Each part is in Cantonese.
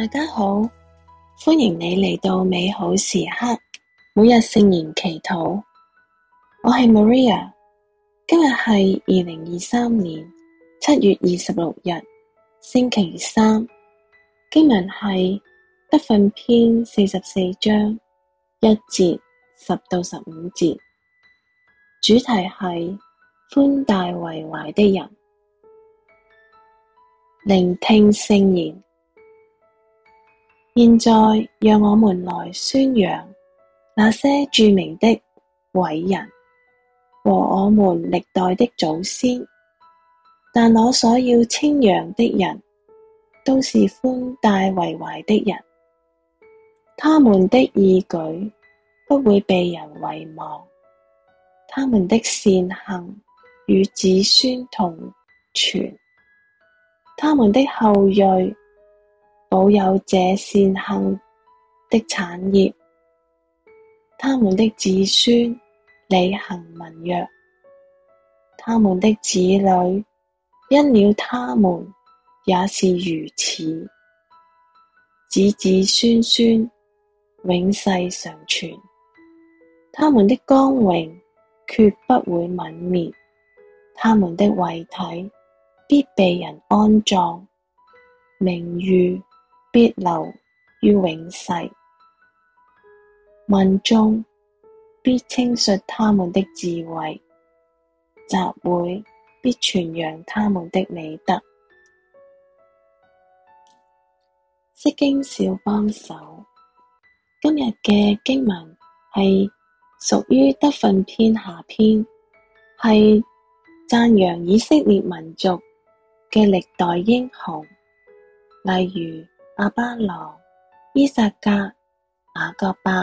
大家好，歡迎你嚟到美好時刻，每日聖言祈禱。我係 Maria，今日係二零二三年七月二十六日，星期三。今日係德訓篇四十四章一節十到十五節，主題係寬大為懷的人，聆聽聖言。現在讓我們來宣揚那些著名的偉人和我們歷代的祖先，但我所要稱揚的人都是寬大為懷的人，他們的義舉不會被人遺忘，他們的善行與子孫同存，他們的後裔。保有這善行的產業，他們的子孫履行盟約，他們的子女因了他們也是如此，子子孫孫永世常存。他們的光榮決不會泯滅，他們的遺體必被人安葬，名譽。必留於永世，民眾必稱述他們的智慧，集會必傳揚他們的美德。釋經小幫手，今日嘅經文係屬於德訓篇下編，係讚揚以色列民族嘅歷代英雄，例如。亞巴郎、依撒格、雅各伯、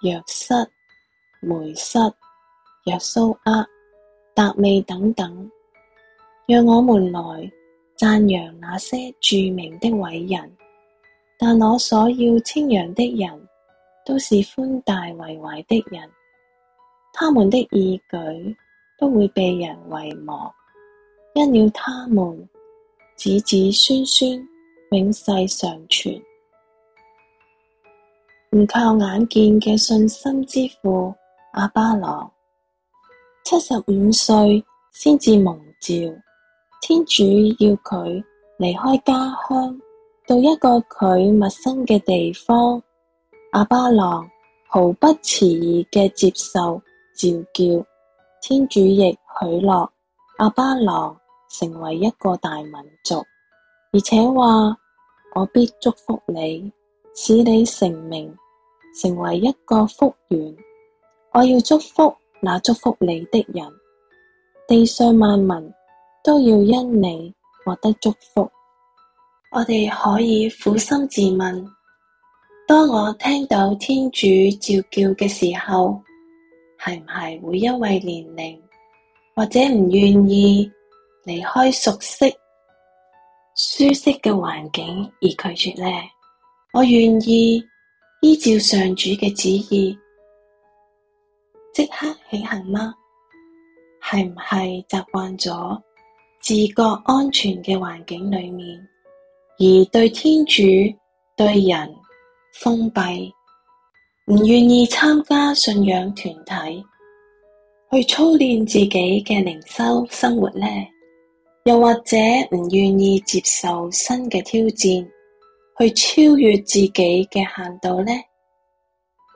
若瑟、梅瑟、若蘇厄、達味等等，讓我們來讚揚那些著名的偉人。但我所要稱揚的人，都是寬大為懷的人，他們的義舉不會被人遺忘。因了他們，子子孫孫。永世常存，唔靠眼見嘅信心之父亞巴郎，七十五歲先至蒙召。天主要佢離開家鄉，到一個佢陌生嘅地方。亞巴郎毫不遲疑嘅接受召叫，天主亦許諾亞巴郎成為一個大民族。而且話，我必祝福你，使你成名，成為一個福源。我要祝福那祝福你的人，地上萬民都要因你獲得祝福。 我哋可以捫心自問：當我聽到天主召叫嘅時候，係唔係會因為年齡或者唔願意離開熟悉舒適嘅環境而拒絕呢？我願意依照上主嘅旨意即刻起行嗎？係唔係習慣咗自覺安全嘅環境裏面，而對天主對人封閉，唔願意參加信仰團體去操練自己嘅靈修生活呢？又或者唔願意接受新嘅挑戰，去超越自己嘅限度呢？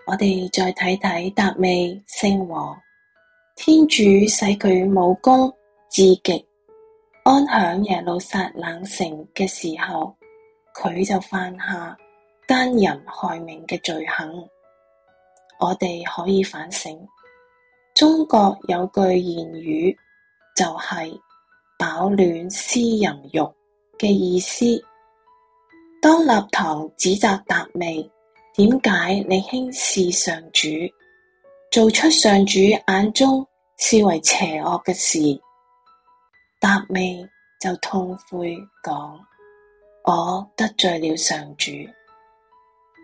我哋再睇睇達味聖王，天主使佢武功至極，安享耶路撒冷城嘅時候，佢就犯下姦淫害命嘅罪行。我哋可以反省。中國有句諺語，就是，就係。飽暖思淫欲嘅意思，當納堂指責達味，點解你輕視上主，做出上主眼中視為邪惡嘅事？達味就痛悔講：我得罪了上主。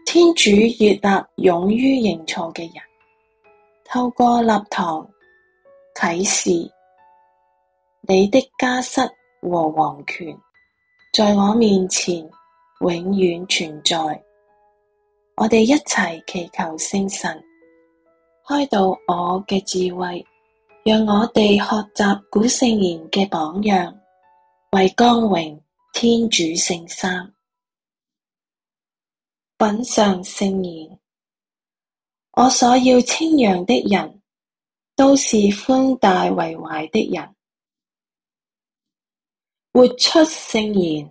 天主悅納勇於認錯嘅人，透過納堂啟示。你的家室和王權，在我面前永遠存在。我哋一齊祈求聖神開導我嘅智慧，讓我哋學習古聖賢嘅榜樣，為光榮天主聖三。品嚐聖言。我所要稱揚的人，都是寬大為懷的人。活出聖言，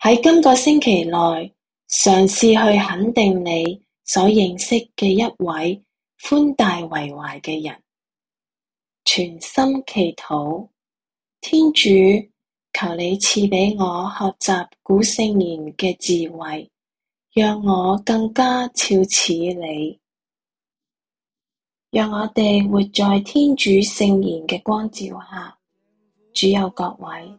喺今個星期內嘗試去肯定你所認識嘅一位寬大為懷嘅人。全心祈禱，天主，求你賜俾我學習古聖賢嘅智慧，讓我更加肖似你，讓我哋活在天主聖言嘅光照下。主佑各位。